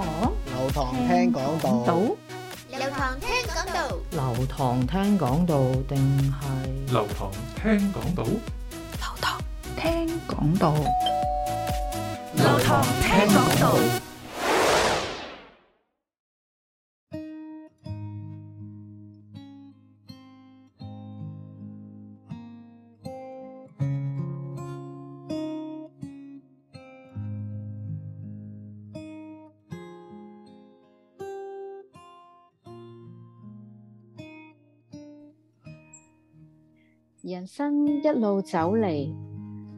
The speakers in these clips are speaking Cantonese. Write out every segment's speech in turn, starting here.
流、哦、堂聽講道，流堂聽講道，流堂聽講道定係，流堂聽講道，流堂聽講道，流堂聽講道。人生一路走嚟，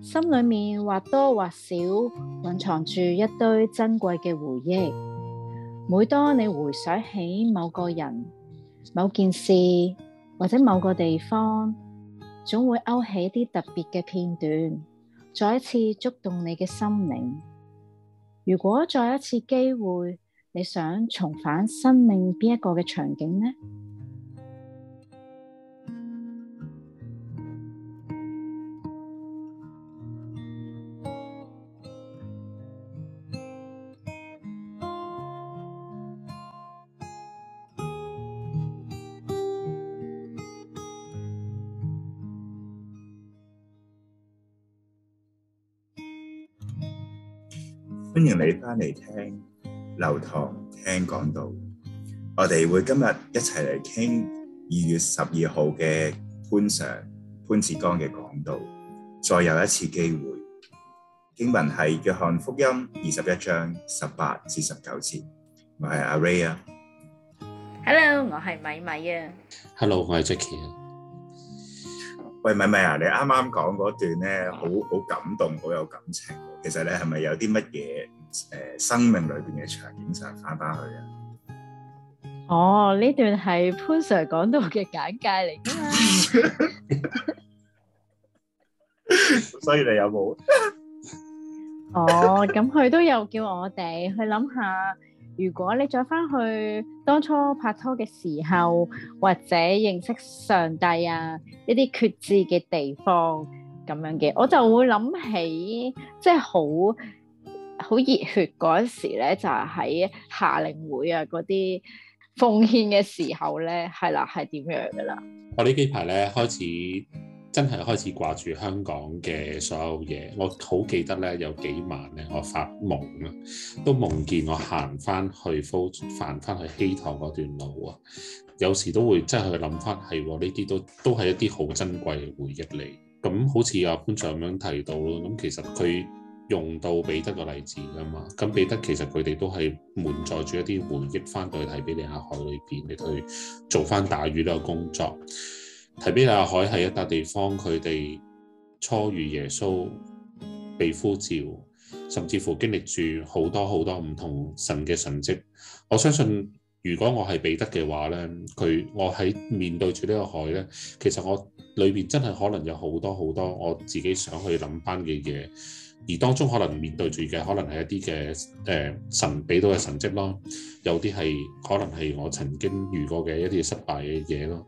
心裏面或多或少蘊藏住一堆珍貴嘅回憶。每當你回想起某個人、某件事，或者某個地方，總會勾起啲特別嘅片段，再一次觸動你嘅心靈。如果再一次機會，你想重返生命邊一個嘅場景呢？歡迎你翻嚟聽流堂聽講道，我哋會今日一齊嚟傾二月十二號嘅潘 Sir 潘志剛嘅講道，再有一次機會。經文係約翰福音二十一章十八至十九節。我係阿 Ray 啊，Hello，我係米米啊，Hello，我係 Jacky 啊。喂，咪咪啊！你啱啱講嗰段咧，好好感動，好有感情。其實咧，係咪有啲乜嘢誒生命裏邊嘅場景上返返去啊？哦，呢段係潘 Sir 講到嘅簡介嚟㗎嘛。所以你有冇？哦，咁佢都有叫我哋去諗下。如果你再翻去當初拍拖嘅時候，或者認識上帝啊一啲決志嘅地方咁樣嘅，我就會諗起即係好好熱血嗰時咧，就係喺夏令會啊嗰啲奉獻嘅時候咧，係啦，係點樣噶啦？我呢幾排咧開始。真係開始掛住香港嘅所有嘢，我好記得咧，有幾晚咧，我發夢啊，都夢見我行翻去富，行翻去希塘嗰段路啊。有時都會真係去諗翻，係、哎、喎，呢啲都都係一啲好珍貴嘅回憶嚟。咁好似阿潘長咁樣提到咯，咁其實佢用到彼得個例子㗎嘛。咁彼得其實佢哋都係滿載住一啲回憶翻去提比利亞海裏邊，你去做翻打魚呢個工作。提比亞海係一笪地方，佢哋初遇耶穌被呼召，甚至乎經歷住好多好多唔同神嘅神蹟。我相信，如果我係彼得嘅話呢，佢我喺面對住呢個海呢，其實我裏面真係可能有好多好多我自己想去諗翻嘅嘢，而當中可能面對住嘅可能係一啲嘅誒神俾到嘅神蹟咯，有啲係可能係我曾經遇過嘅一啲失敗嘅嘢咯。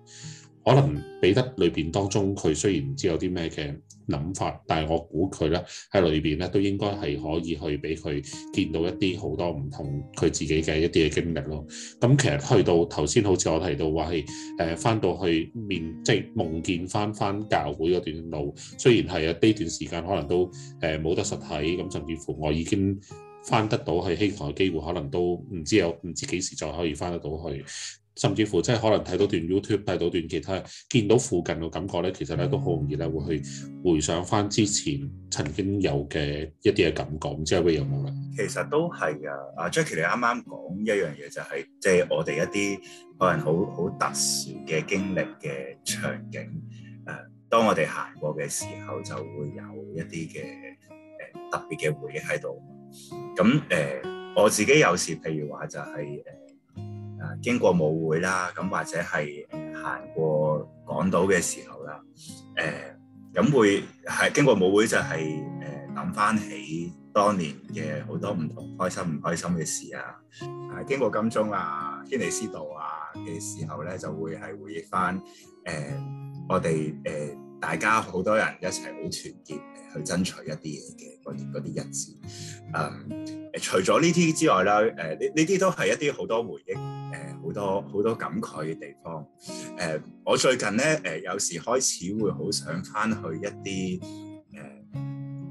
可能彼得裏邊當中，佢雖然唔知有啲咩嘅諗法，但係我估佢咧喺裏邊咧都應該係可以去俾佢見到一啲好多唔同佢自己嘅一啲嘅經歷咯。咁、嗯、其實去到頭先好似我提到話係誒翻到去面即係夢見翻翻教會嗰段路，雖然係啊呢段時間可能都誒冇、呃、得實體，咁、嗯、甚至乎我已經翻得到去希臘嘅機會，可能都唔知有唔知幾時再可以翻得到去。甚至乎即係可能睇到段 YouTube，睇到段其他，見到附近嘅感覺咧，其實你都好容易咧會去回想翻之前曾經有嘅一啲嘅感覺，唔知阿威有冇咧？其實都係啊，阿 Jackie 你啱啱講一樣嘢就係、是，即、就、係、是、我哋一啲可能好好特殊嘅經歷嘅場景，誒、呃，當我哋行過嘅時候就會有一啲嘅誒特別嘅回憶喺度。咁誒、呃，我自己有時譬如話就係、是、誒。呃經過舞會啦，咁或者係行過港島嘅時候啦，誒、呃，咁會係經過舞會就係誒諗翻起當年嘅好多唔同開心唔開心嘅事啊！誒，經過金鐘啊、軒尼詩道啊嘅時候咧，就會係回憶翻誒我哋誒、呃、大家好多人一齊好團結去爭取一啲嘢嘅嗰啲日子啊！嗯除咗呢啲之外啦，誒呢呢啲都係一啲好多回憶，誒、呃、好多好多感慨嘅地方。誒、呃、我最近咧，誒、呃、有時開始會好想翻去一啲誒、呃、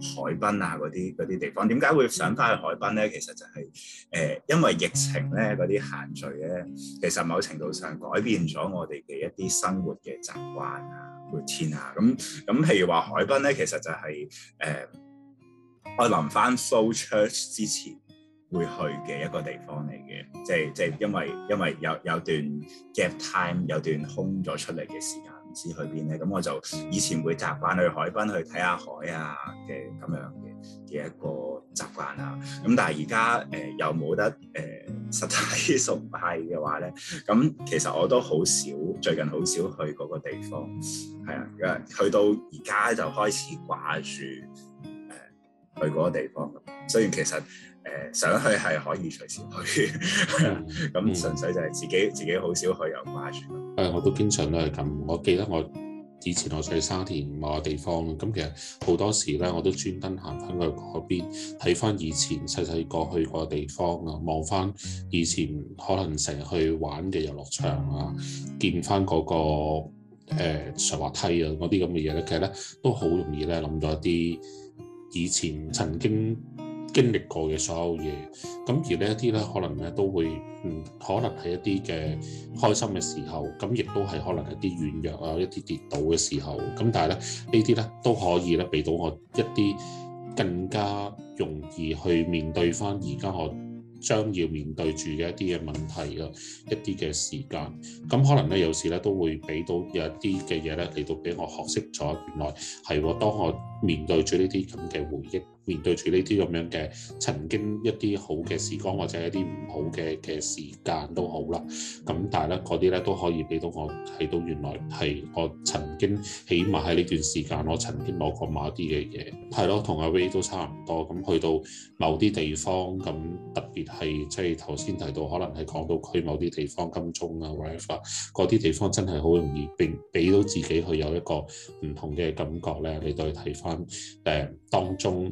海濱啊嗰啲啲地方。點解會想翻去海濱咧？其實就係、是、誒、呃、因為疫情咧嗰啲限聚咧，其實某程度上改變咗我哋嘅一啲生活嘅習慣啊、routine 啊。咁咁譬如話海濱咧，其實就係、是、誒。呃我臨翻 full church 之前會去嘅一個地方嚟嘅，即係即係因為因為有有段 gap time，有段空咗出嚟嘅時間，唔知去邊咧。咁、嗯、我就以前會習慣去海濱去睇下海啊嘅咁樣嘅嘅一個習慣啊。咁、嗯、但係而家誒又冇得誒、呃、實體崇拜嘅話咧，咁、嗯、其實我都好少最近好少去嗰個地方，係啊，去到而家就開始掛住。去嗰個地方，所以其實誒想、呃、去係可以隨時去，咁、 嗯、 純粹就係自己、嗯、自己好少去有馬船。我都經常都係咁。我記得我以前我住沙田某個地方，咁其實好多時咧我都專登行翻去嗰邊睇翻以前細細個去過嘅地方啊，望翻以前可能成日去玩嘅遊樂場啊，見翻嗰、嗰個、呃、上滑梯啊嗰啲咁嘅嘢咧，其實咧都好容易咧諗咗一啲。以前曾經經歷過嘅所有嘢，咁而呢一啲咧，可能咧都會，嗯，可能係一啲嘅開心嘅時候，咁亦都係可能一啲軟弱啊，一啲跌倒嘅時候，咁但係咧，呢啲咧都可以咧俾到我一啲更加容易去面對翻而家我將要面對住嘅一啲嘅問題啊，一啲嘅時間，咁可能咧有時咧都會俾到一啲嘅嘢咧嚟到俾我學識咗，原來係喎，當我面對住呢啲咁嘅回憶。面對住呢啲咁樣嘅曾經一啲好嘅時光，或者一啲唔好嘅嘅時間都好啦。咁但係咧，嗰啲咧都可以俾到我睇到原來係我曾經，起碼喺呢段時間我曾經攞過某一啲嘅嘢，係咯，同阿 Ray 都差唔多。咁去到某啲地方，咁特別係即係頭先提到可能係講到去某啲地方金鐘啊，或者 whatever 嗰啲地方真係好容易並俾到自己去有一個唔同嘅感覺咧。你都係睇翻誒當中。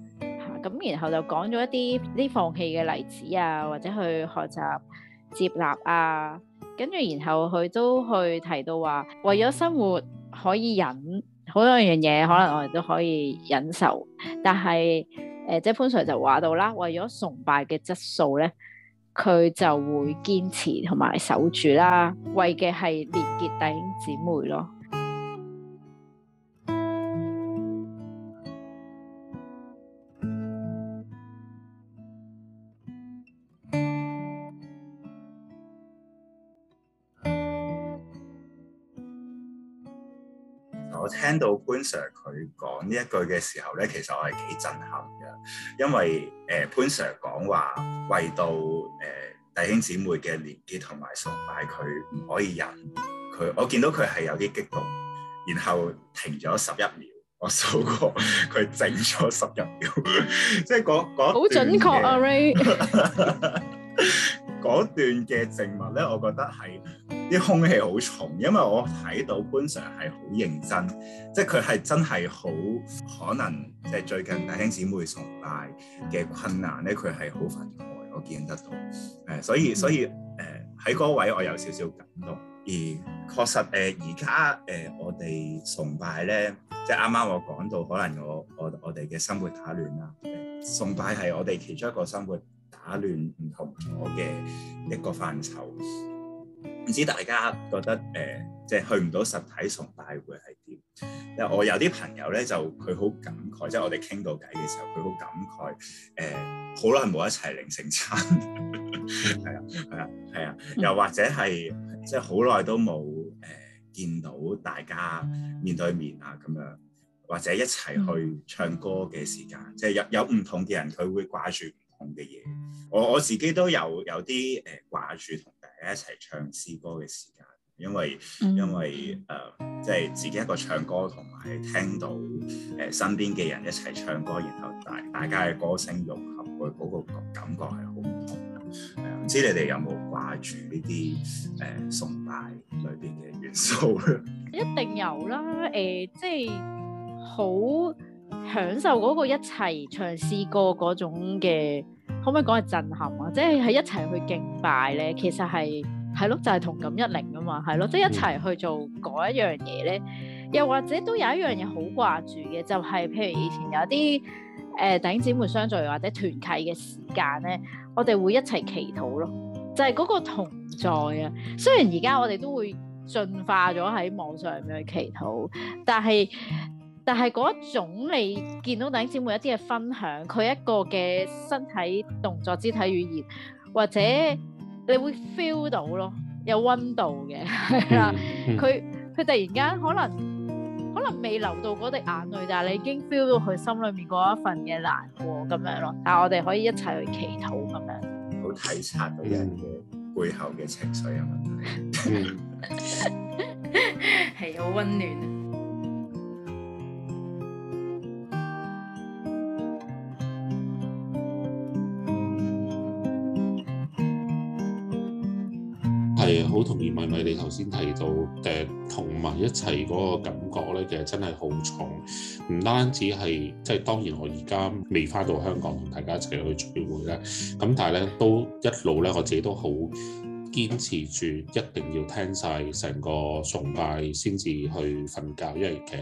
咁然後就講咗一啲啲放棄嘅例子啊，或者去學習接納啊，跟住然後佢都去提到話，為咗生活可以忍，好多樣嘢可能我哋都可以忍受，但係誒即係潘 Sir 就話到啦，為咗崇拜嘅質素咧，佢就會堅持同埋守住啦，為嘅係連結弟兄姊妹咯。我聽到潘 sir 佢講呢一句嘅時候咧，其實我係幾震撼嘅，因為誒、呃、潘 sir 講話為到誒、呃、弟兄姊妹嘅連結同埋崇拜，佢唔可以忍，佢我見到佢係有啲激動，然後停咗十一秒，我數過佢靜咗十一秒， 即係嗰嗰好準確啊 Ray 嗰 段嘅靜默咧，我覺得係。啲空氣好重，因為我睇到潘翔係好認真，即係佢係真係好可能，即係最近弟兄姊妹崇拜嘅困難咧，佢係好憤慨，我見得到。誒，所以所以誒喺嗰位我有少少感動，而確實誒而家誒我哋崇拜咧，即係啱啱我講到，可能我我我哋嘅生活打亂啦、呃，崇拜係我哋其中一個生活打亂唔同我嘅一個範疇。唔知大家覺得誒、呃，即係去唔到實體崇拜會係點？因、呃、為我有啲朋友咧，就佢好感慨，即係我哋傾到偈嘅時候，佢好感慨誒，好耐冇一齊領聖餐，係 啊係啊係啊，啊，又或者係即係好耐都冇誒、呃、見到大家面對面啊咁樣，或者一齊去唱歌嘅時間，嗯、即係有有唔同嘅人，佢會掛住。嘅嘢，我我自己都有有啲誒掛住同大家一齊唱詩歌嘅時間，因為、嗯、因為誒，即、呃、係、就是、自己一個唱歌，同埋聽到誒、呃、身邊嘅人一齊唱歌，然後大大家嘅歌聲融合，佢、那、嗰個，個感覺係好唔同。唔、呃、知你哋有冇掛住呢啲誒崇拜裏邊嘅元素？一定有啦，誒、呃，即係好。享受嗰個一齊唱詩歌嗰種嘅，可唔可以講係震撼啊？即係喺一齊去敬拜咧，其實係喺度就係、是、同感一靈啊嘛，係咯，即、就、係、是、一齊去做嗰一樣嘢咧。又或者都有一樣嘢好掛住嘅，就係、是、譬如以前有啲誒弟兄姊妹相聚或者團契嘅時間咧，我哋會一齊祈禱咯。就係、是、嗰個同在啊！雖然而家我哋都會進化咗喺網上面去祈禱，但係。但係嗰一種你見到弟兄姊妹一啲嘅分享，佢一個嘅身體動作、肢體語言，或者你會 feel 到咯，有溫度嘅。佢佢、嗯、 突然間可能可能未流到嗰滴眼淚，但係你已經 feel 到佢心裏面嗰一份嘅難過咁樣咯。但係我哋可以一齊去祈禱咁樣。好體察到人嘅背後嘅情緒係嘛？係好溫暖。係好同意咪咪你頭先提到，誒同埋一齊嗰個感覺咧，其實真係好重，唔單止係即係，當然我而家未返到香港同大家一齊去聚會咧，咁但係咧都一路咧我自己都好堅持住一定要聽晒成個崇拜先至去瞓覺，因為其實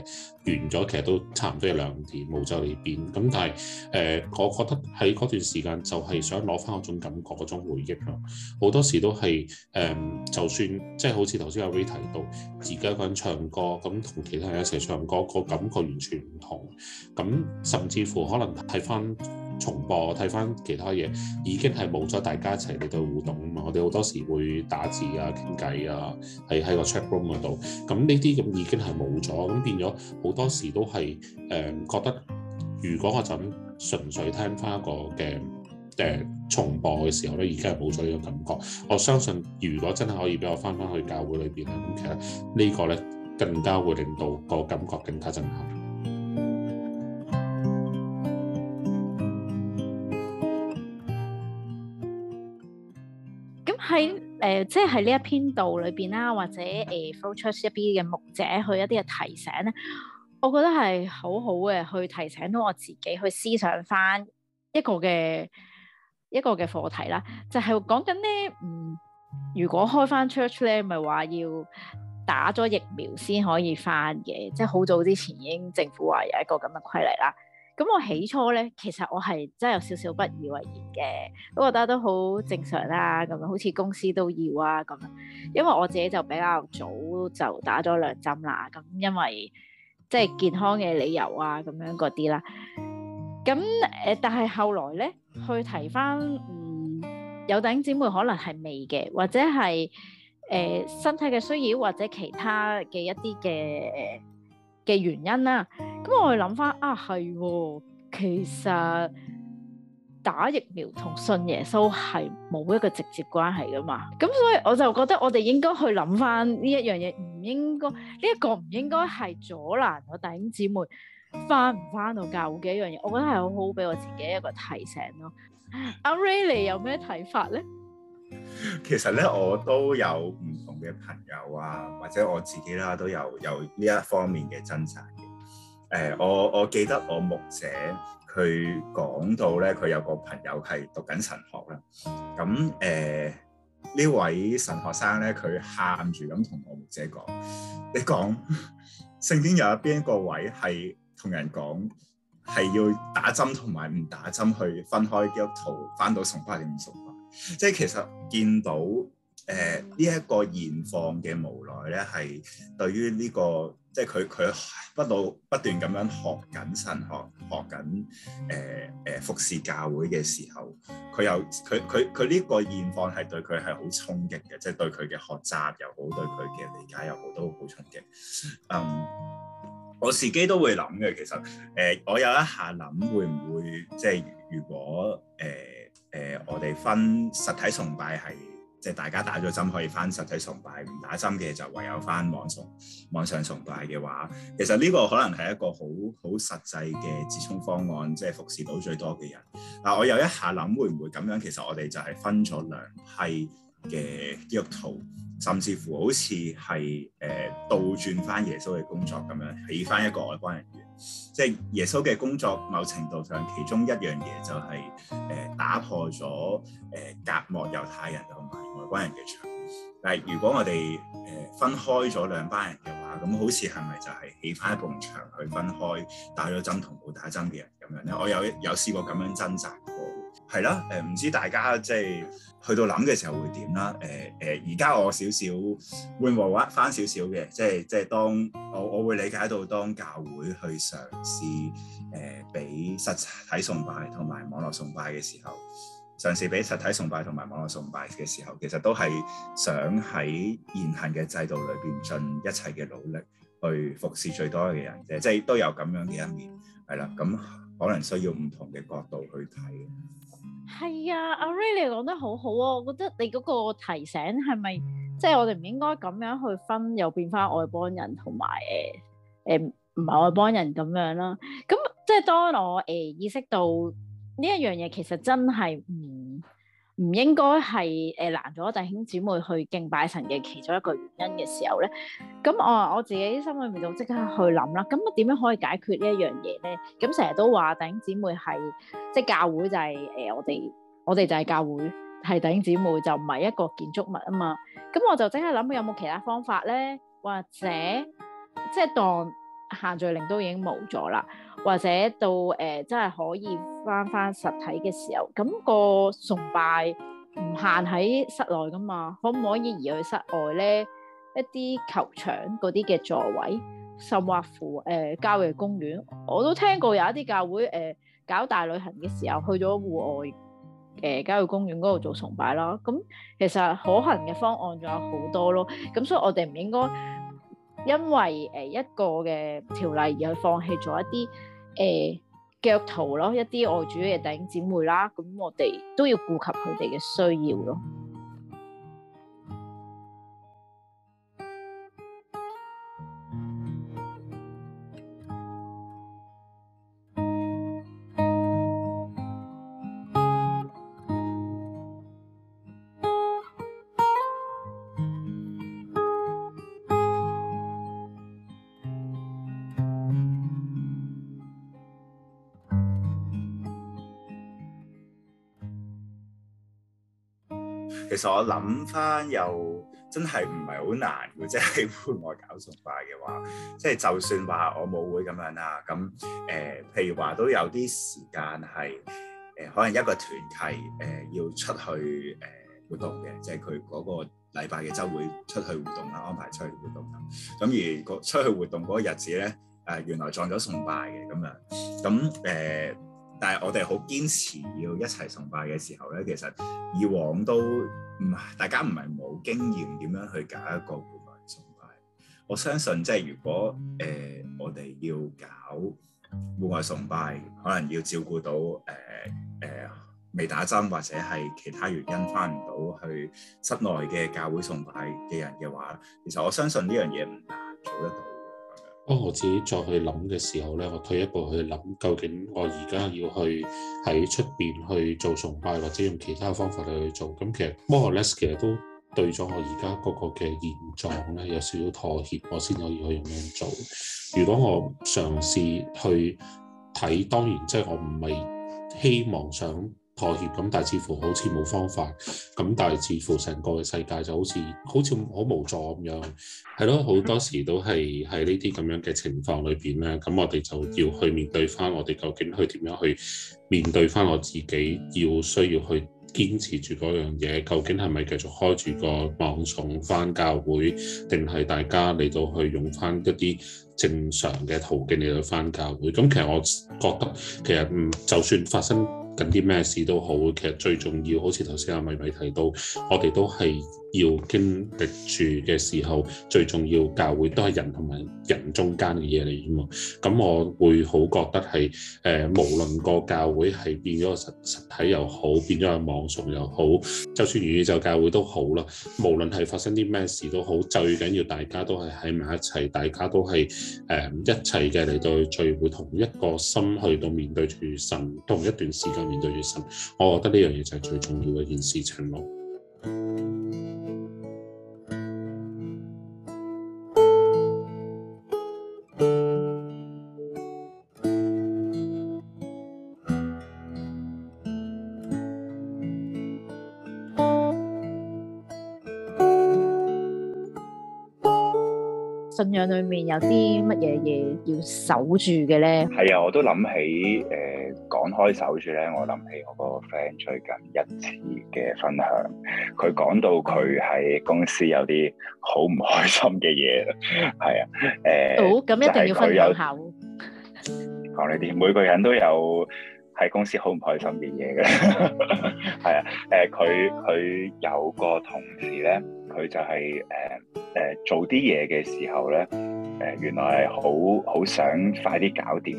完咗其實都差唔多有兩點，無就嚟夜咁。但係誒、呃，我覺得喺嗰段時間就係想攞翻嗰種感覺、嗰種回憶咯。好多時都係誒、呃，就算即係、就是、好似頭先阿 Ray 提到自己一個人唱歌，咁同其他人一齊唱歌、嗰個感覺完全唔同。咁甚至乎可能睇翻。重播睇翻其他嘢，已經係冇咗大家一齊嚟到互動啊嘛！我哋好多時會打字啊、傾偈啊，係喺個 chat room 嗰度。咁呢啲咁已經係冇咗，咁變咗好多時都係誒、呃、覺得，如果我就咁純粹聽翻一個嘅誒、呃、重播嘅時候咧，已經係冇咗呢個感覺。我相信如果真係可以俾我翻返去教會裏邊咧，咁其實個呢個咧更加會令到個感覺更加震撼。喺誒、呃，即係呢一篇道裏邊啦，或者誒 focus、呃、 一啲嘅牧者去一啲嘅提醒咧，我覺得係好好嘅，去提醒到我自己去思想翻一個嘅一個嘅課題啦，就係講緊咧，嗯，如果開翻 church 咧，咪、就、話、是、要打咗疫苗先可以翻嘅，即係好早之前已經政府話有一個咁嘅規例啦。咁我起初咧，其實我係真係有少少不以為然嘅，我覺得都好正常啦、啊，咁樣好似公司都要啊咁。因為我自己就比較早就打咗兩針啦，咁因為即係、就是、健康嘅理由啊，咁樣嗰啲啦。咁誒、呃，但係後來咧，去提返，嗯，有弟兄姊妹可能係未嘅，或者係誒、呃、身體嘅需要，或者其他嘅一啲嘅。嘅原因啦，咁我哋諗翻啊，係其實打疫苗同信耶穌係冇一個直接關係噶嘛，咁所以我就覺得我哋應該去諗翻呢一樣嘢，唔應該呢一個唔應該係阻攔我弟兄姊妹翻唔翻到教嘅一樣嘢，我覺得係好好俾我自己一個提醒咯。阿、啊、Rayleigh 有咩睇法咧？其實咧，我都有唔同嘅朋友啊，或者我自己啦，都有有呢一方面嘅掙扎嘅。誒、呃，我我記得我牧者佢講到咧，佢有個朋友係讀緊神學啦。咁誒、呢、呃、位神學生咧，佢喊住咁同我牧者講：，你講聖經又有邊一個位係同人講係要打針同埋唔打針去分開基督徒，返到崇拜定唔崇即係其實見到誒呢一個現況嘅無奈咧，係對於呢、這個即係佢佢不老不斷咁樣學緊神學學緊誒誒服侍教會嘅時候，佢又佢佢佢呢個現況係對佢係好衝擊嘅，即係對佢嘅學習又好，對佢嘅理解又好，都好衝擊。嗯，我自己都會諗嘅，其實誒、呃、我有一下諗會唔會即係如果誒。呃誒、呃，我哋分實體崇拜係，即係大家打咗針可以翻實體崇拜，唔打針嘅就唯有翻網崇網上崇拜嘅話，其實呢個可能係一個好好實際嘅折衷方案，即係服侍到最多嘅人。嗱，我有一下諗會唔會咁樣，其實我哋就係分咗兩批嘅基督徒。甚至乎好似係誒倒轉翻耶穌嘅工作咁樣，起翻一個外邦人員。即係耶穌嘅工作，某程度上其中一樣嘢就係、是、誒、呃、打破咗誒隔膜猶太人同埋外邦人嘅牆。但係如果我哋誒、呃、分開咗兩班人嘅話，咁好似係咪就係起翻一埲牆去分開打咗針同冇打針嘅人咁樣咧？我有有試過咁樣掙扎過。係啦，誒唔、呃、知大家即係去到諗嘅時候會點啦，誒誒而家我少少會話翻少少嘅，即係即係當我我會理解到當教會去嘗試誒俾實體崇拜同埋網絡崇拜嘅時候，嘗試俾實體崇拜同埋網絡崇拜嘅時候，其實都係想喺現行嘅制度裏邊盡一切嘅努力去服侍最多嘅人嘅，即係都有咁樣嘅一面，係啦，咁可能需要唔同嘅角度去睇。係啊，阿 Ray 你講得好好啊，我覺得你嗰個提醒係咪即係我哋唔應該咁樣去分，又變翻外邦人同埋誒誒唔係外邦人咁樣啦，啊？咁即係當我誒、呃、意識到呢一樣嘢，其實真係唔，嗯唔應該係誒攔咗弟兄姊妹去敬拜神嘅其中一個原因嘅時候咧，咁我我自己心裏面就即刻去諗啦，咁啊點樣可以解決呢一樣嘢咧？咁成日都話弟兄姊妹係即係教會就係、是、誒、呃、我哋我哋就係教會，係弟兄姊妹就唔係一個建築物啊嘛，咁我就即刻諗有冇其他方法咧，或者即係當限聚令都已經冇咗啦。或者到誒，真係可以翻翻實體嘅時候，咁個崇拜唔限喺室內噶嘛，可唔可以移去室外咧？一啲球場嗰啲嘅座位，甚或乎誒郊野公園，我都聽過有一啲教會誒搞大旅行嘅時候，去咗戶外誒郊野公園嗰度做崇拜啦。咁其實可行嘅方案仲有好多咯。咁所以我哋唔應該，因為誒一個嘅條例而去放棄咗一啲誒、呃、腳徒咯，一啲外主嘅弟兄姊妹啦，咁我哋都要顧及佢哋嘅需要咯。其實我諗翻又真係唔係好難嘅，即係戶外搞崇拜嘅話，即係就算話我冇會咁樣啦，咁、呃、誒，譬如話都有啲時間係誒、呃，可能一個團契誒、呃、要出去誒、呃、活動嘅，即係佢嗰個禮拜嘅週會出去活動啦，安排出去活動咁，咁而個出去活動嗰個日子咧誒、呃，原來撞咗崇拜嘅咁樣，咁誒。呃但係我哋好堅持要一齊崇拜嘅時候咧，其實以往都唔，大家唔係冇經驗點樣去搞一個戶外崇拜。我相信即係如果誒、呃、我哋要搞戶外崇拜，可能要照顧到誒誒、呃呃、未打針或者係其他原因翻唔到去室內嘅教會崇拜嘅人嘅話，其實我相信呢樣嘢唔難做得到。當我自己再去諗嘅時候咧，我退一步去諗，究竟我而家要去喺出邊去做崇拜，或者用其他方法嚟去做。咁其實 more or less 其實都對咗我而家嗰個嘅現狀咧有少少妥協，我先可以去咁樣做。如果我嘗試去睇，當然即係我唔係希望想妥協咁，但係似乎好似冇方法咁，但係似乎成個嘅世界就好似好似好無助咁樣，係咯，好多時都係喺呢啲咁樣嘅情況裏邊咧，咁我哋就要去面對翻我哋究竟去點樣去面對翻我自己要需要去堅持住嗰樣嘢，究竟係咪繼續開住個網送翻教會，定係大家嚟到去用翻一啲正常嘅途徑嚟到翻教會？咁其實我覺得其實嗯，就算發生緊啲咩事都好，其實最重要，好似頭先阿米米提到，我哋都係。要經歷住嘅時候，最重要教會都係人同埋人中間嘅嘢嚟㗎嘛。咁我會好覺得係誒、呃，無論個教會係變咗個實實體又好，變咗係網上又好，就算元宇宙教會都好啦。無論係發生啲咩事都好，最緊要大家都係喺埋一齊，大家都係誒、呃、一齊嘅嚟到聚會，同一個心去到面對住神，同一段時間面對住神。我覺得呢樣嘢就係最重要嘅一件事情咯。有啲乜嘢嘢要守住嘅咧？係啊，我都諗起誒，講開守住咧，我諗起我個 friend 最近一次嘅分享，佢講到佢喺公司有啲好唔開心嘅嘢啦。係啊，誒，好，咁一定要分享下。講呢啲，每個人都有喺公司好唔開心嘅嘢嘅。係啊，誒，佢佢有個同事咧，佢就係誒誒做啲嘢嘅時候咧。誒，原來係好好想快啲搞掂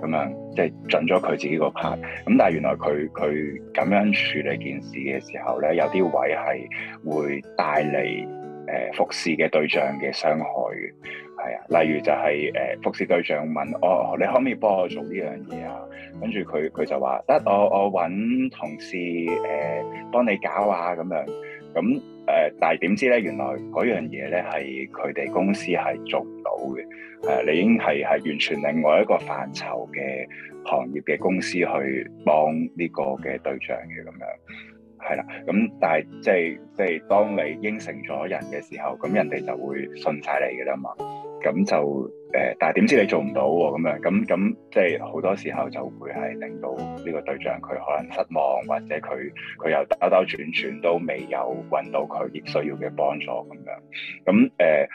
咁樣，即係准咗佢自己個 part。咁但係原來佢佢咁樣處理件事嘅時候咧，有啲位係會帶嚟誒、呃、服侍嘅對象嘅傷害嘅，係啊。例如就係、是、誒、呃、服侍對象問我、oh, 你可唔可以幫我做呢樣嘢啊？跟住佢佢就話得、okay，我我揾同事誒、呃、幫你搞啊咁樣。咁誒、呃，但係點知咧，原來嗰樣嘢咧係佢哋公司係做。好嘅，誒、嗯，你已經係係完全另外一個範疇嘅行業嘅公司去幫呢個嘅對象嘅咁樣，係啦，咁、嗯、但係即係即係當你應承咗人嘅時候，咁人哋就會信晒你嘅啦嘛，咁就誒、呃，但係點知你做唔到喎、啊，咁樣，咁咁即係好多時候就會係令到呢個對象佢可能失望，或者佢佢又兜兜轉轉都未有搵到佢亦需要嘅幫助咁樣，咁、嗯、誒。呃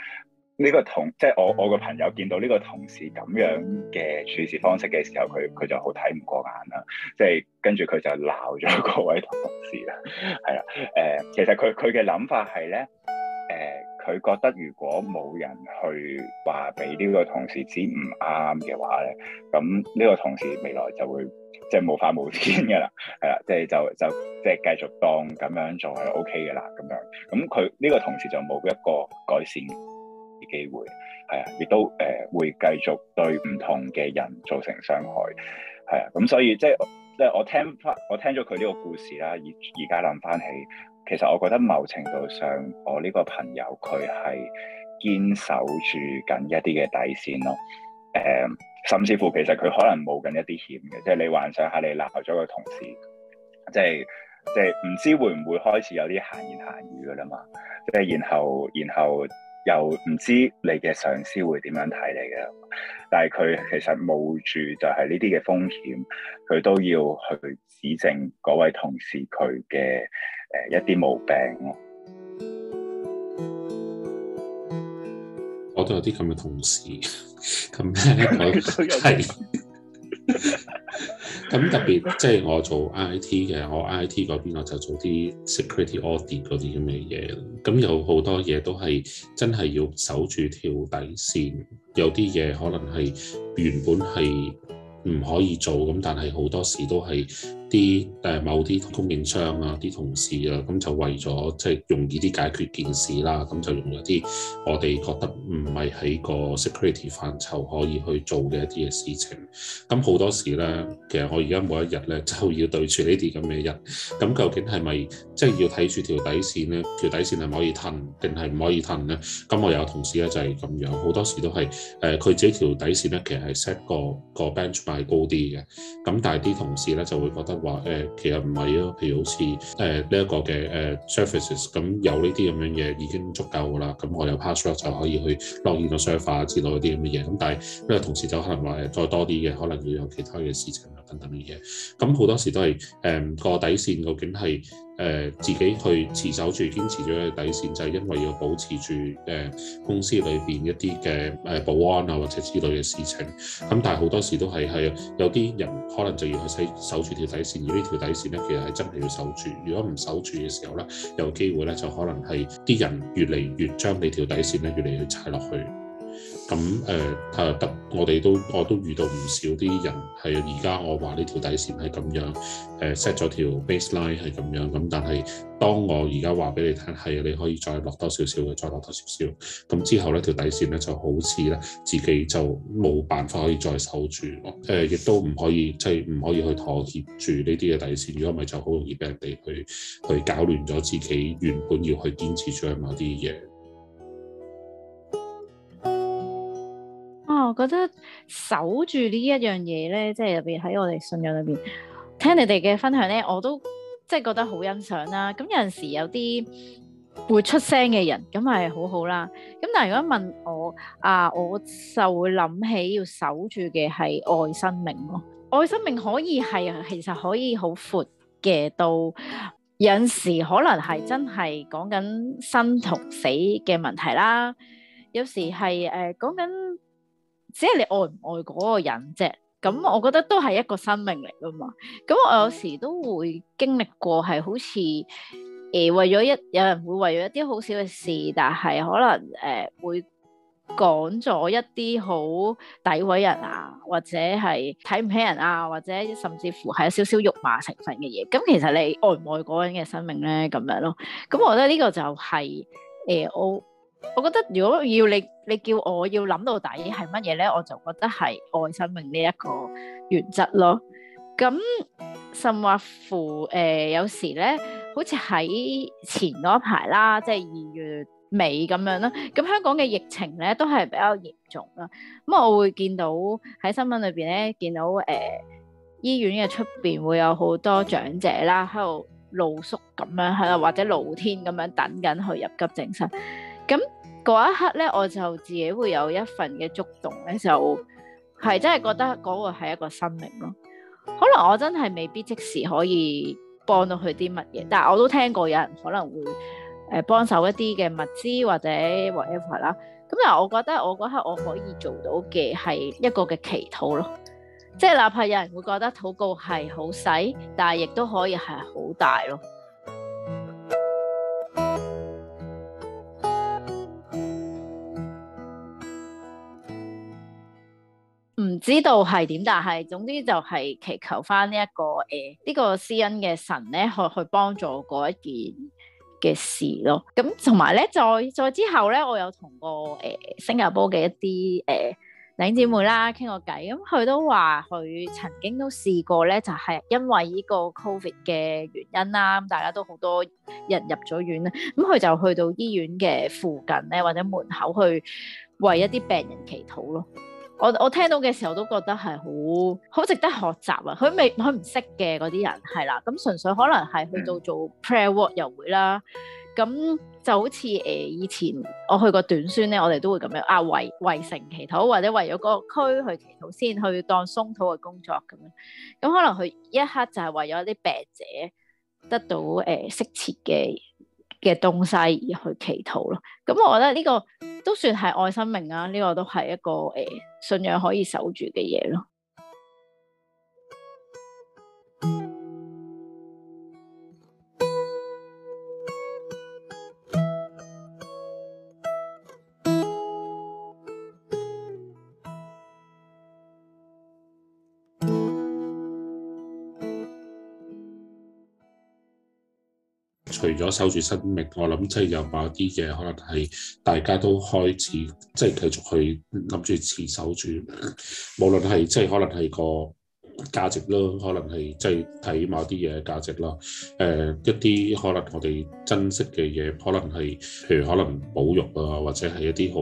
呢個同即係我我個朋友見到呢個同事咁樣嘅處事方式嘅時候，佢佢就好睇唔過眼啦。即係跟住佢就鬧咗嗰位同事啦。係 啦，誒、呃，其實佢佢嘅諗法係咧，誒、呃，佢覺得如果冇人去話俾呢個同事知唔啱嘅話咧，咁呢個同事未來就會即係冇法冇天噶啦。係啦，即係就就即係繼續當咁樣做係 OK 噶啦咁樣。咁佢呢個同事就冇一個改善機會係啊，亦都誒、呃、會繼續對唔同嘅人造成傷害係啊，咁、嗯、所以即我即我聽翻我聽咗佢呢個故事啦，而而家諗翻起，其實我覺得某程度上，我呢個朋友佢係堅守住緊一啲嘅底線咯，誒、呃，甚至乎其實佢可能冒緊一啲險嘅，即係你幻想下你鬧咗個同事，即係即係唔知會唔會開始有啲閒言閒語噶啦嘛，即係然後然後。然後又唔知你嘅上司會點樣睇你嘅，但係佢其實冒住就係呢啲嘅風險，佢都要去指正嗰位同事佢嘅誒一啲毛病咯。我都有啲咁嘅同事，咁咩 咁特別即係、就是、我做 IT 嘅，我 IT 嗰邊我就做啲 Security Audit 嗰啲咁嘅嘢，咁有好多嘢都係真係要守住條底線，有啲嘢可能係原本係唔可以做，咁但係好多時都係。啲誒某啲供應商啊，啲同事啊，咁就為咗即係容易啲解決件事啦，啊，咁就用咗啲我哋覺得唔係喺個 security 範疇可以去做嘅一啲嘅事情。咁好多時咧，其實我而家每一日咧就要對住呢啲咁嘅人，咁究竟係咪即係要睇住條底線咧？條底線係唔可以褪定係唔可以褪咧？咁我有同事咧就係、是、咁樣好多時都係誒佢自己條底線咧，其實係 set 個個 bench by 高啲嘅。咁但係啲同事咧就會覺得。話誒、呃、其實唔係咯，譬如好似誒呢一個嘅誒、呃、surfaces 咁、嗯、有呢啲咁樣嘢已經足夠㗎啦。咁、嗯、我有 password 就可以去落意個 surface 啊之類啲咁嘅嘢。咁、嗯、但係因為同時就可能話誒、呃、再多啲嘅，可能要有其他嘅事情啊等等嘅嘢。咁、嗯、好多時都係誒個底線究竟係。誒、呃、自己去持守住堅持咗嘅底線，就係、是、因為要保持住誒、呃、公司裏邊一啲嘅誒保安啊或者之類嘅事情。咁但係好多時都係係有啲人可能就要去守守住條底線，而呢條底線咧其實係真係要守住。如果唔守住嘅時候咧，有機會咧就可能係啲人越嚟越將你條底線咧越嚟越踩落去。咁誒，啊特、呃，我哋都我都遇到唔少啲人係而家我話呢條底線係咁樣，誒 set 咗條 baseline 係咁樣咁，但係當我而家話俾你聽係，你可以再落多少少嘅，再落多少少，咁之後呢條底線咧就好似咧自己就冇辦法可以再守住，誒、呃、亦都唔可以即係唔可以去妥協住呢啲嘅底線，如果唔係就好容易俾人哋去去搞亂咗自己原本要去堅持住嘅某啲嘢。我覺得守住呢一樣嘢咧，即係特別喺我哋信仰裏邊，聽你哋嘅分享咧，我都即係覺得好欣賞啦。咁有陣時有啲會出聲嘅人，咁係好好啦。咁但係如果問我啊，我就會諗起要守住嘅係愛生命咯。愛生命可以係其實可以好闊嘅，到有陣時可能係真係講緊生同死嘅問題啦。有時係誒講緊。只係你愛唔愛嗰個人啫，咁我覺得都係一個生命嚟噶嘛。咁我有時都會經歷過係好似誒、呃、為咗一有人會為咗一啲好少嘅事，但係可能誒、呃、會講咗一啲好底毀人啊，或者係睇唔起人啊，或者甚至乎係有少少辱罵成分嘅嘢。咁其實你愛唔愛嗰個人嘅生命咧，咁樣咯。咁我覺得呢個就係誒我。呃我覺得，如果要你，你叫我要諗到底係乜嘢咧，我就覺得係愛生命呢一個原則咯。咁甚或乎誒、呃，有時咧，好似喺前嗰排啦，即係二月尾咁樣啦。咁香港嘅疫情咧都係比較嚴重啦。咁我會見到喺新聞裏邊咧，見到誒、呃，醫院嘅出邊會有好多長者啦，喺度露宿咁樣，喺度或者露天咁樣等緊去入急症室。咁嗰一刻咧，我就自己會有一份嘅觸動咧，就係真係覺得嗰個係一個生命咯。可能我真係未必即時可以幫到佢啲乜嘢，但係我都聽過有人可能會誒、呃、幫手一啲嘅物資或者或 whatever 啦。咁但我覺得我嗰刻我可以做到嘅係一個嘅祈禱咯，即係哪怕有人會覺得禱告係好細，但係亦都可以係好大咯。知道係點，但係總之就係祈求翻、這個呃這個、呢一個誒呢個施恩嘅神咧，去去幫助嗰一件嘅事咯。咁同埋咧，再再之後咧，我有同過誒新加坡嘅一啲誒、呃、領姐妹啦，傾過偈，咁、嗯、佢都話佢曾經都試過咧，就係、是、因為呢個 Covid 嘅原因啦，咁大家都好多人入咗院啦，咁、嗯、佢就去到醫院嘅附近咧，或者門口去為一啲病人祈禱咯。我我聽到嘅時候都覺得係好好值得學習啊！佢未佢唔識嘅嗰啲人係啦，咁純粹可能係去到做 prayer work 又會啦，咁、嗯、就好似誒、呃、以前我去過短宣咧，我哋都會咁樣啊為為城祈禱或者為咗個區去祈禱先去當鬆土嘅工作咁樣，咁可能佢一刻就係為咗啲病者得到誒適切嘅嘅東西而去祈禱咯。咁我覺得呢、這個。都算係愛生命啊！呢、這個都係一個誒、欸，信仰可以守住嘅嘢咯。除咗守住生命，我諗即係有某啲嘅可能係大家都開始即係、就是、繼續去諗住持守住無論係即係可能係個價值咯，可能係即係睇某啲嘢嘅價值啦。誒、呃，一啲可能我哋珍惜嘅嘢，可能係譬如可能保育啊，或者係一啲好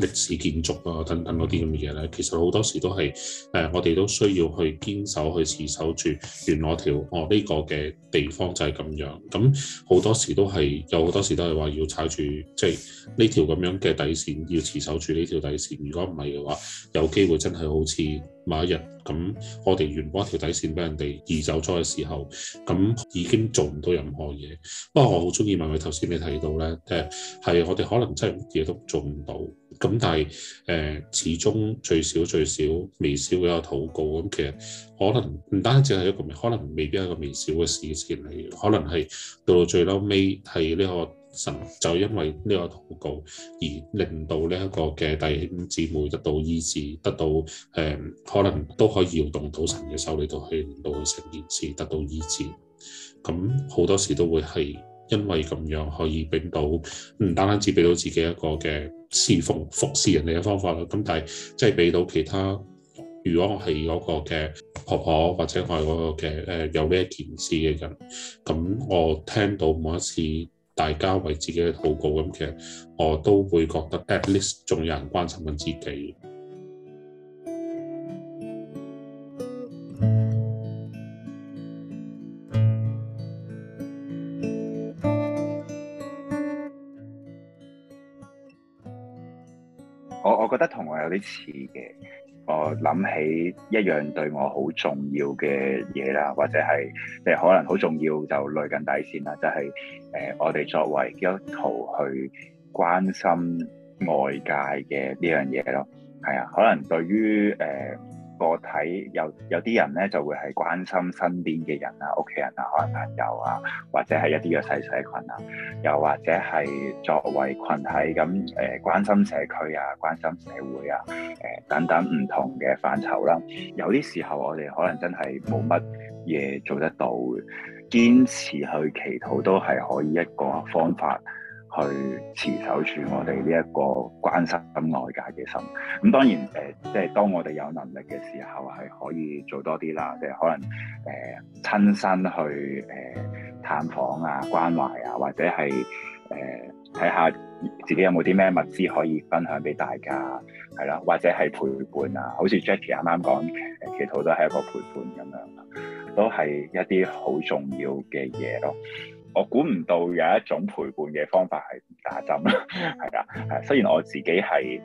歷史建築啊，等等嗰啲咁嘅嘢咧。其實好多時都係誒、呃，我哋都需要去堅守，去持守住原我條哦呢個嘅地方就係咁樣。咁好多時都係有好多時都係話要踩住即係呢條咁樣嘅底線，要持守住呢條底線。如果唔係嘅話，有機會真係好似～某一日咁，我哋原本一條底線俾人哋移走咗嘅時候，咁已經做唔到任何嘢。不過我好中意問佢，頭先你提到咧，誒係我哋可能真係乜嘢都做唔到。咁但係誒、呃，始終最少最少微小嘅一個禱告。咁其實可能唔單止係一個，可能未必係一個微小嘅事件嚟，嘅。可能係到到最嬲尾係呢個。神就因為呢個禱告而令到呢一個嘅弟兄姊妹得到醫治，得到誒、呃、可能都可以搖動到神嘅手，嚟到去令到佢成件事得到醫治。咁好多時都會係因為咁樣可以俾到唔單單只俾到自己一個嘅侍奉服侍人哋嘅方法啦。咁但係即係俾到其他，如果我係嗰個嘅婆婆或者我係嗰個嘅誒有呢一件事嘅人，咁我聽到每一次。大家為自己禱告咁，其實我都會覺得 at least 仲有人還關心緊自己。我我覺得同我有啲似嘅。我諗起一樣對我好重要嘅嘢啦，或者係即係可能好重要就累緊底線啦，就係、是、誒、呃、我哋作為基督徒去關心外界嘅呢樣嘢咯，係啊，可能對於誒、呃個體有有啲人咧就會係關心身邊嘅人啊、屋企人啊、可能朋友啊，或者係一啲嘅細細群啊，又或者係作為群體咁誒關心社區啊、關心社會啊誒、呃、等等唔同嘅範疇啦。有啲時候我哋可能真係冇乜嘢做得到，堅持去祈禱都係可以一個方法。去持守住我哋呢一個關心外界嘅心，咁當然誒、呃，即係當我哋有能力嘅時候，係可以做多啲啦，即係可能誒、呃、親身去誒、呃、探訪啊、關懷啊，或者係誒睇下自己有冇啲咩物資可以分享俾大家，係啦，或者係陪伴啊，好似 Jackie 啱啱講、呃，祈禱都係一個陪伴咁樣，都係一啲好重要嘅嘢咯。我估唔到有一種陪伴嘅方法係唔打針啦，係啦，係。雖然我自己係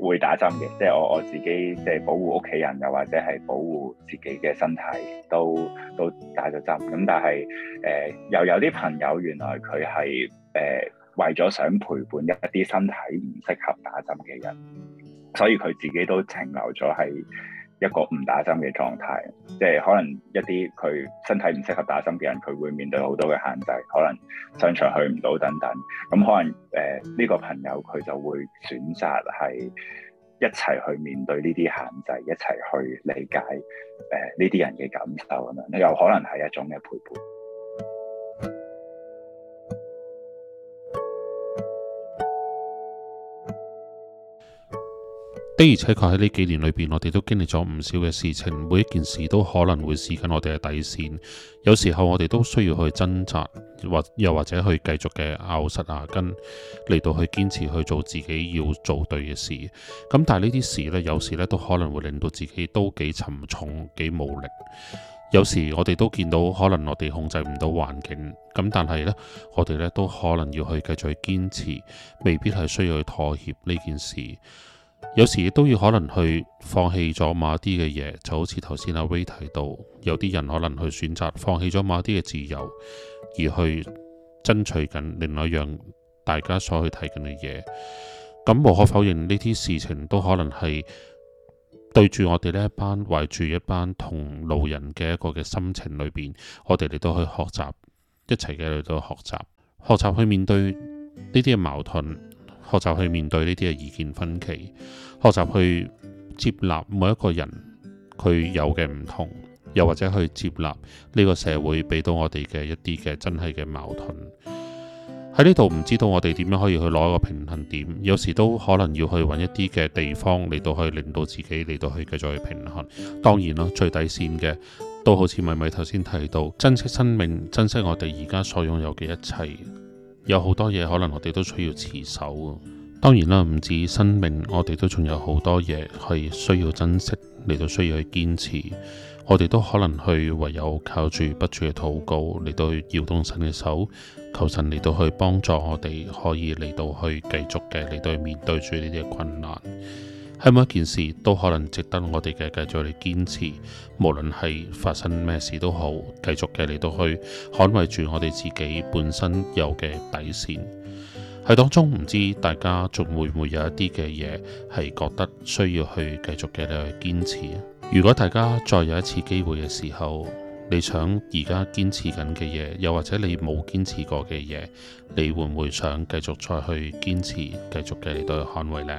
會打針嘅，即係我我自己即係保護屋企人，又或者係保護自己嘅身體，都都打咗針。咁但係誒、呃，又有啲朋友原來佢係誒為咗想陪伴一啲身體唔適合打針嘅人，所以佢自己都停留咗係一個唔打針嘅狀態，即係可能一啲佢身體唔適合打針嘅人，佢會面對好多嘅限制，可能商場去唔到等等。咁、嗯、可能誒呢、呃呢個朋友佢就會選擇係一齊去面對呢啲限制，一齊去理解誒呢啲人嘅感受咁樣，你有可能係一種嘅陪伴。的而且確喺呢幾年裏邊，我哋都經歷咗唔少嘅事情。每一件事都可能會試緊我哋嘅底線。有時候我哋都需要去掙扎，或又或者去繼續嘅咬實牙根嚟到去堅持去做自己要做對嘅事。咁但係呢啲事呢，有時呢都可能會令到自己都幾沉重、幾無力。有時我哋都見到可能我哋控制唔到環境，咁但係呢，我哋呢都可能要去繼續去堅持，未必係需要去妥協呢件事。有時亦都要可能去放棄咗某一啲嘅嘢，就好似頭先阿威提到，有啲人可能去選擇放棄咗某一啲嘅自由，而去爭取緊另外一樣大家所去睇緊嘅嘢。咁無可否認，呢啲事情都可能係對住我哋呢一班懷住一班同路人嘅一個嘅心情裏邊，我哋嚟到去學習，一齊嘅嚟到學習，學習去面對呢啲嘅矛盾。學習去面對呢啲嘅意見分歧，學習去接納每一個人佢有嘅唔同，又或者去接納呢個社會俾到我哋嘅一啲嘅真係嘅矛盾。喺呢度唔知道我哋點樣可以去攞一個平衡點，有時都可能要去揾一啲嘅地方嚟到去令到自己嚟到去繼續去平衡。當然啦，最底線嘅都好似咪咪頭先提到，珍惜生命，珍惜我哋而家所擁有嘅一切。有好多嘢可能我哋都需要持守，當然啦，唔止生命，我哋都仲有好多嘢係需要珍惜嚟到，需要去堅持，我哋都可能去唯有靠住不住嘅禱告嚟到搖動神嘅手，求神嚟到去幫助我哋可以嚟到去繼續嘅嚟到去面對住呢啲困難。喺每一件事都可能值得我哋嘅繼續嚟堅持，無論係發生咩事都好，繼續嘅嚟到去捍衛住我哋自己本身有嘅底線。喺當中唔知大家仲會唔會有一啲嘅嘢係覺得需要去繼續嘅你去堅持？如果大家再有一次機會嘅時候，你想而家堅持緊嘅嘢，又或者你冇堅持過嘅嘢，你會唔會想繼續再去堅持，繼續嘅嚟到捍衛呢？